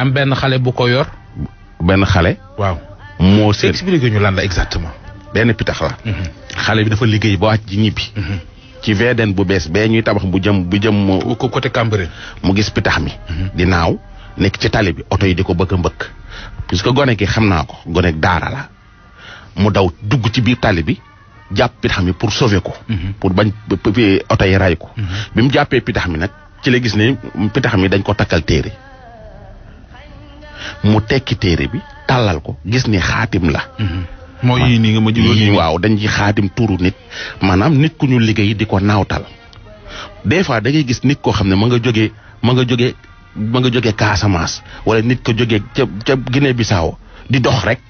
am benn xale bu ko yor. benn xale. waaw moo seen expliqué ñu lan la exactement. benn pitax la. Mhm. xale bi dafa liggéey ba wàcc ji ñibbi. Mhm. ci VDN bu bees bee ñuy tabax bu jëm bu jëm mu. côté Cambérène. mu gis pitax mi. Mhm. di naaw nekk ci tali bi oto yi di ko bëgg a mbëkk. puisque gone gi xam naa ko gone daara la mu daw dugg ci biir tali bi jàpp pitax mi pour sauver ko. pour bañ oto yi ray ko. bi mu jàppee pitax mi nag ci la gis ne pitax mi dañ ko takkal téere. mu tekki téere bi tàllal ko gis ni xaatim la mhm. mooy yii nii nga ma ji waaw dañ ci xaatim tuuru nit maanaam nit ku ñu liggéey di ko naawtal des fois da gis nit koo xam ne ma nga jógee ma nga jóge ma nga jógee Casamance wala nit ka jóge ca ca Guinée Bissau di dox rek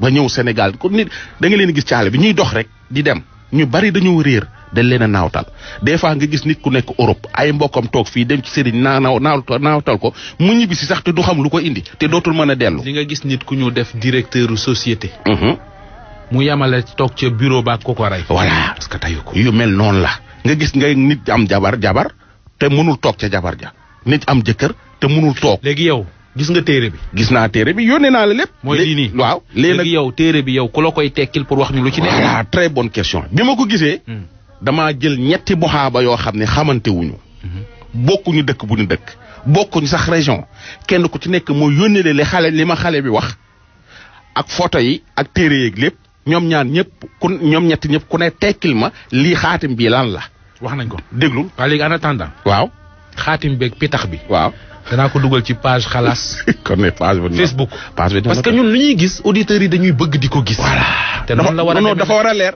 ba ñëw Sénégal kon nit da leen gis caale bi ñuy dox rek di dem ñu bari dañu réer dañ leen a naawtal des fois nga gis nit ku nekk Europe ay mbokkam toog fii dem ci sëriñ naanaaw naawtal ko mu ñibbi si sax te du xam lu ko indi te dootul mën a dellu. li nga gis nit ku ñu def directeur société. Mhm. mu yamale toog ca bureau ba ko ko rey. voilà parce que tayu ko. yu mel noonu la nga gis ngay nit am jabar jabar te mënul toog ca jabar ja nit am jëkkër te mënul toog. léegi yow. gis nga téere bi. gis naa téere bi yónnee naa la lépp. mooy lii waaw léegi yow téere bi yow ku la koy tekkil pour wax ñu lu ci nekk. voilà très bi ma ko gisee. Hmm. damaa jël ñetti buxaaba yoo xam ne xamante wuñu bokkuñu dëkk bu ñu dëkk bokkuñu sax région kenn ku ci nekk moo yónnee li xale li ma xale bi wax ak photo yi ak téere yeeg lépp ñoom ñaan ñëpp ku ñoom ñetti ñëpp ku ne tekkil ma lii xaatim bii lan la. wax nañ ko déglu. waaw léegi en attendant. waaw xaatim beeg pitax bi. waaw danaa ko dugal ci page xalaas. kon ne page bu Facebook. page bi parce que ñun li ñuy gis auditeurs yi dañuy bëgg di ko gis. voilà te dafa war a leer.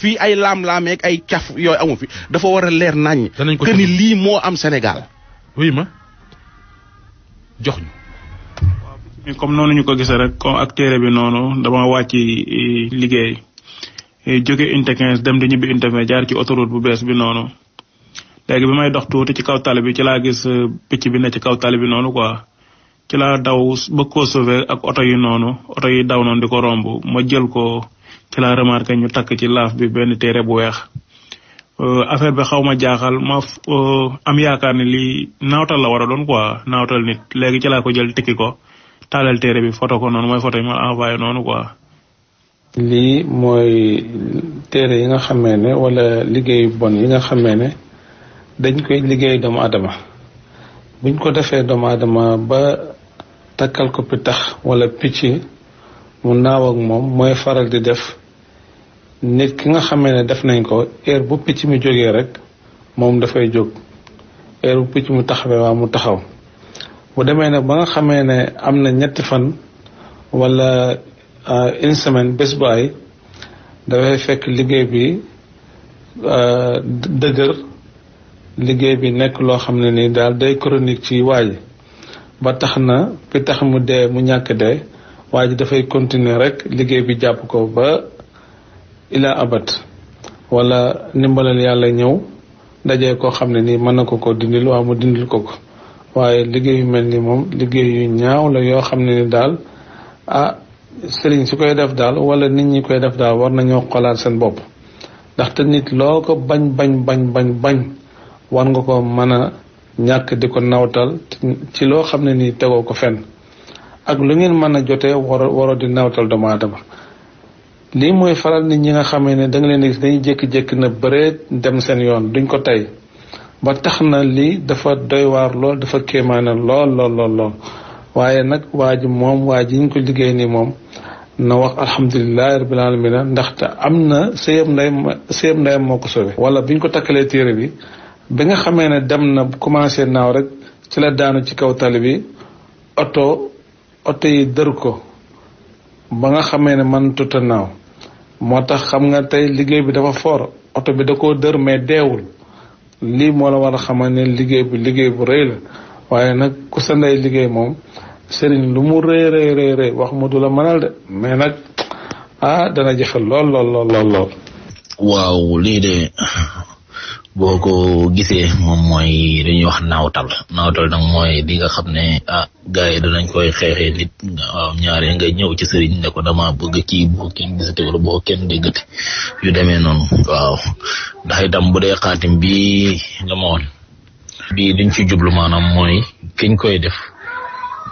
fi ay lam laam ak ay tiaf yooyu amu fi dafa wara a leer nañ que ni li mo am Sénégal oui ma jox ñu comme nonu ñu ko gisee rek comme ak téré bi nonu dama wàcc eh, liggéey eh, jóge inte 15 dem di ñibbi inte jaar ci autoroute bu bees bi nonu léegi bi may dox tuuti ci kaw talibi ci la gis eh, picc bi ne ci kaw talibi nonu quoi ci la daw ba ko sauver ak auto yi nonu auto yi daw non diko rombu ma jël ko ci laa remarqué ñu takk ci laaf bi benn téere bu weex euh, affaire bi xaw ma jaaxal ma euh, am yaakaar ne lii naawtal la war a doon quoi naawtal nit léegi ci laa ko jël tikki ko taalal téere bi photo ko noonu mooy photo yi ma envoyé noonu quoi. lii mooy téere yi nga xamee ne wala liggéeyu bon yi nga xamee ne dañ koy liggéey doomu adama buñ ko defee doomu adama ba takkal ko pitax wala picc. mu naaw moom mooy faral di def nit ki nga xamee ne def nañ ko heure bu picc mu jógee rek moom dafay jóg heure bu picc mu taxawee waa mu taxaw bu demee nag ba nga xamee ne am na ñetti fan walla euh, une semaine bés bu dafay fekk liggéey bi euh, dëgër liggéey bi nekk loo xam ne nii daal day chronique ci waaji ba tax na bi tax mu dee mu ñàkk dee waaji dafay continuer rek liggéey bi jàpp ko ba ila abat wala ndimbalal yàlla ñëw dajee ko xam ne nii mën na ko ko dindil waa mu dindil ko ko waaye liggéey yu mel ni yu ñaaw la yoo xam ne ni daal ah sëriñ su koy def daal wala nit ñi koy def daal war nañoo xolaat seen bopp ndaxte nit loo ko bañ bañ bañ bañ bañ war nga ko mën a ñàkk nawtal ci loo xam ne nii ko fenn ak lu ngeen mën a jote war waro di nawtal doomu aadama lii mooy faral nit ñi nga xamee ne danga leen gis dañuy jékki-jékki na bëreet dem seen yoon duñ ko tey ba tax na lii dafa doy waar lool dafa kéemaane lool lool lool waaye nag waa ji moom waa ji ñu ko liggéey nii moom na wax alhamdulilahi rabbil alamina ndaxte am na sëyam nday moo ko sauvé wala bi ñu ko takkalee téere bi bi nga xamee ne dem na commencé naaw rek ci la daanu ci kaw tali bi oto oto yi dër ko ba nga xamee ne man tuta moo tax xam nga tey liggéey bi dafa foor oto bi da koo dër mais deewul lii moo la war a xamal ne liggéey bi liggéey bu rëy la waaye nag ku sa liggéey moom seriñ lu mu rëy rëy rëy wax ma du la de mais nag ah dana jafe lool lool lool lool lool waaw lii de boo ko gisee moom mooy dañuy wax naawtal naawtal nag mooy li nga xam ne a ah, gars yi nañ koy xeexee nit waaw ñaare nga ñëw ci sëriñ ne ko dama bëgg kii boo kenn gisati wala yu demee noonu waaw ndax itam bu dee xaatim bii nga ma woon bii ci jublu maanaam mooy keñ koy def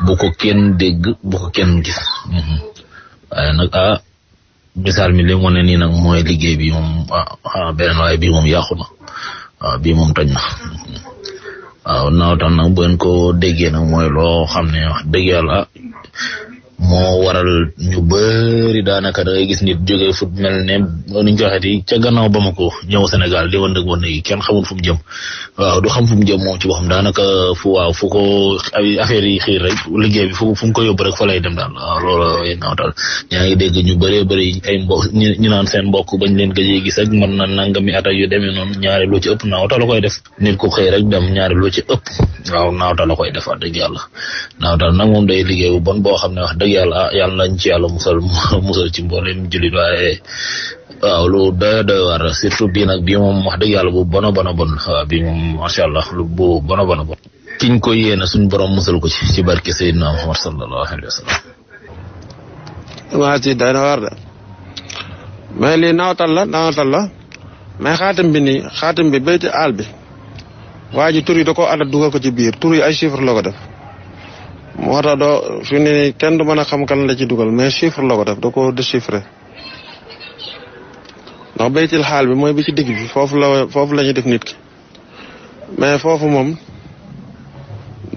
bu ko kenn dégg bu gis mhm. waaye nag ah misaal mi li mu ne nii nag mooy liggéey bi moom ah, ah bii moom yàqu na waaw bii moom toj na waaw nawetaan nag bu ko déggee nag mooy loo xam ne wax dëgg yàlla moo waral ñu bëri daanaka da ngay gis nit jógee fut mel ne nuñ joxeeti ca gannaaw ba ma ko ñëw Sénégal di wëndeeg wëndeeg yi kenn xamul fu mu jëm waaw du xam fu mu jëm moom daanaka fu fu ko affaire yi xiir rek liggéey bi fu fu ko yóbbu rek fa lay dem daal waaw loolu yëngaw daal ñaa ngi ñu bëree bëri ay mbokk ñu naan seen mbokk bañ leen gëjee gis ak mën na nangami at ak yu demee noonu ñaari lu ci ëpp naawta la koy def nit ku xëy rek dem ñaari lu ci ëpp waaw naawta la koy defaat dëgg yàlla naawta nag moom day liggéey bu bon boo xam ne wax dëgg yàlla yàlla nañ ci yàlla musal musal ci mboolem jullit waaye waaw lu doy doy war surtout bii nag bii moom wax dëgg yàlla bu bon a bon a moom macha allah lu bu bon a bon a kiñ ko yéena suñ borom musal ko ci ci barke Seydina Muhammad sallallahu alayhi wa sallam. maa ci doy de mais la naawtal la mais xaatim bi nii xaatim bi béyti àll bi waa ji tur yi da dugal ko ci biir tur ay chiffres la def. moo tax doo fi ne kenn du mën a xam kan la ci dugal mais chiffre la ko def da ko déchiffré ndax baytil xaal bi mooy bi ci digg foofu la foofu la ñuy def nit ki mais foofu moom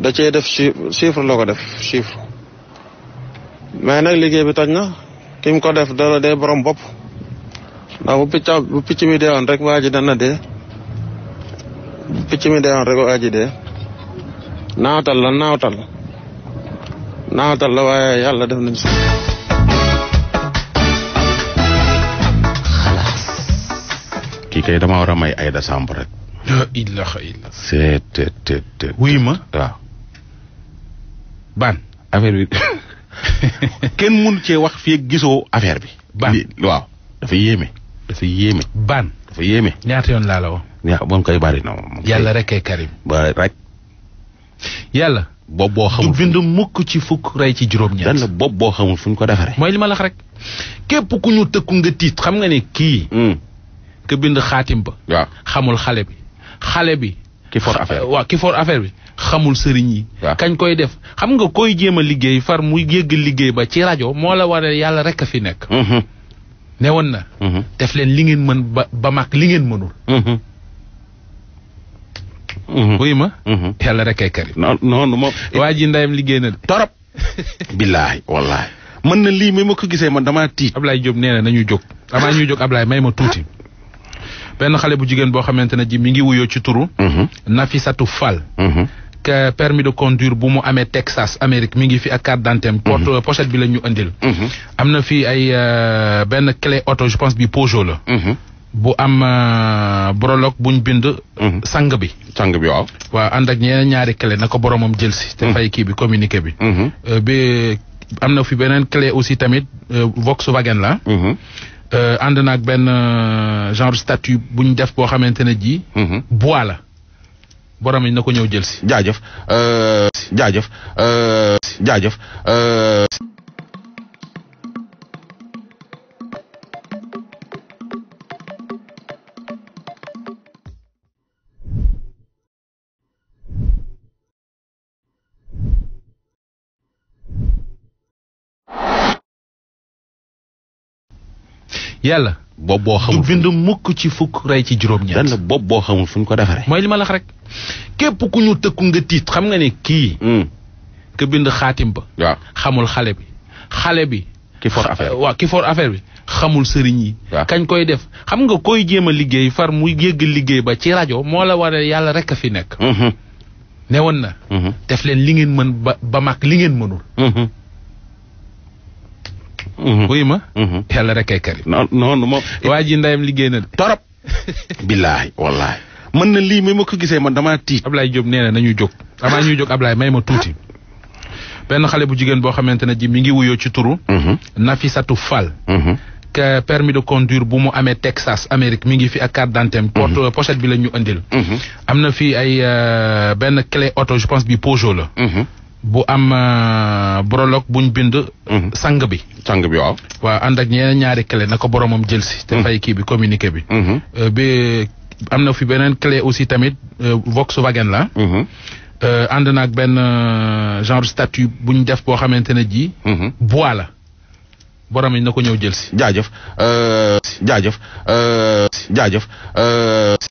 da cee def chiffre la ko def chiffre mais nag liggéey bi toj na ki ko def da dee borom bopp ndax bu picc mi deewoon rek waa ji dana dee bu picc mi deewoon naawtal la naawtal naatal la waaye yàlla def nañ suuf. xalaas. kii kay dama war a may Aida Samb rek. la ma waaw. ban affaire bi kenn mënu cee wax fii giso affaire bi. ban waaw dafa yéeme. dafa yéeme. ban dafa yéeme. ñaata yoon laa la woo. ñaa moom kay bari na yàlla rek kay Karim. ba rek. yàlla. bopp boo xamul du bind mukk ci fukk rey ci juróom-ñeent. dana bopp boo xamul fu ko defaree. mooy li ma la képp ku ñu tëkku nga tiit xam nga ne kii. Hmm. ka bind xaatim ba. waaw xamul xale bi xale bi. ki for affaire bi xamul sëriñ yi. kañ koy def xam nga koy jéem a liggéey far mu yëgg liggéey ba ci rajo moo la waree yàlla rek a fi nekk. Hmm. ne woon na. Hmm. def leen li ngeen mën ba ba mag li ngeen mënul. Mhm. wuy ma. Mhm. yàlla rek ay karim. non non moom. waa ji ndeyam liggéey na de. torop. billaahi wallaahi. mën na lii mi ma ko gisee man damaa tiit. Ablaye Diop nee na nañu jóg avant ñuy jóg Ablaye may ma tuuti. benn xale bu jigéen boo xamante ne ji mi ngi wuyoo ci turu. Mhm. Nafisatu Fall. que permis de conduire bu mu amee Texas Amérique mi ngi fi ak carte d'identité porte euh, pochette bi la ñu indil. am na fi ay euh, benn clé oto je pense bi Peugeot la. bu am euh, brologue buñ bind. Mhm. sang bi. sang bi waaw. waaw ànd ak ñeneen ñaari clé na ko boromam jël si. te mhm. fay kii bi communiqué mhm. euh, bi. am na fi beneen clé aussi tamit euh, Volkswagen la. ànd naag benn genre statut buñ def boo xamante ne ji. bois la na ko ñëw jël si. jaajëf jaajëf jaajëf. yàlla. bob boo xamul du bind mukk ci fukk rey ci juróom-ñeent. lan la bopp boo xamul fu ñu ko defaree. mooy li ma la wax rek képp ku ñu tëkku nga tiit xam nga ne kii. Hmm. ka bind xaatim ba. xamul xale bi xale bi. ki for affaire bi xamul sëriñ yi. kañ koy def xam nga koy jéem a liggéey far mu yégg liggéey ba ci rajo moo la waree yàlla rek a fi nekk. Hmm. ne woon na. Hmm. def leen li ngeen mën ba ba mag li ngeen mënul. Mhm. wuy ma. Mhm. yàlla rek ay karim. non non waa ji ndeyam liggéey na torop. billaahi wallaahi. mën na lii mi ma ko gisee man damaa tiit. Ablaye Diop nee na nañu jóg avant ñuy jóg Ablaye may ma tuuti. benn xale bu jigéen boo xamante ne ji mi ngi wuyoo ci turu. Mhm. Nafisatu Fall. que permis de conduire bu mu amee Texas Amérique mi ngi fi ak carte d'identité porte euh, bi la ñu indil. am na fi ay euh, benn clé auto je pense bi Peugeot la. bu am euh, brologue buñ bind. Mhm. sang bi. sang bi waaw. waaw ànd ak ñeneen ñaari clé na ko boromam jël si. te mhm. fay kii bi communiqué mhm. euh, bi. am na fi beneen clé aussi tamit euh, Volkswagen la. ànd naag benn genre statut bu ñu def boo xamante ne ji. bois la borom na ko ñëw jël si. jaajëf jaajëf jaajëf.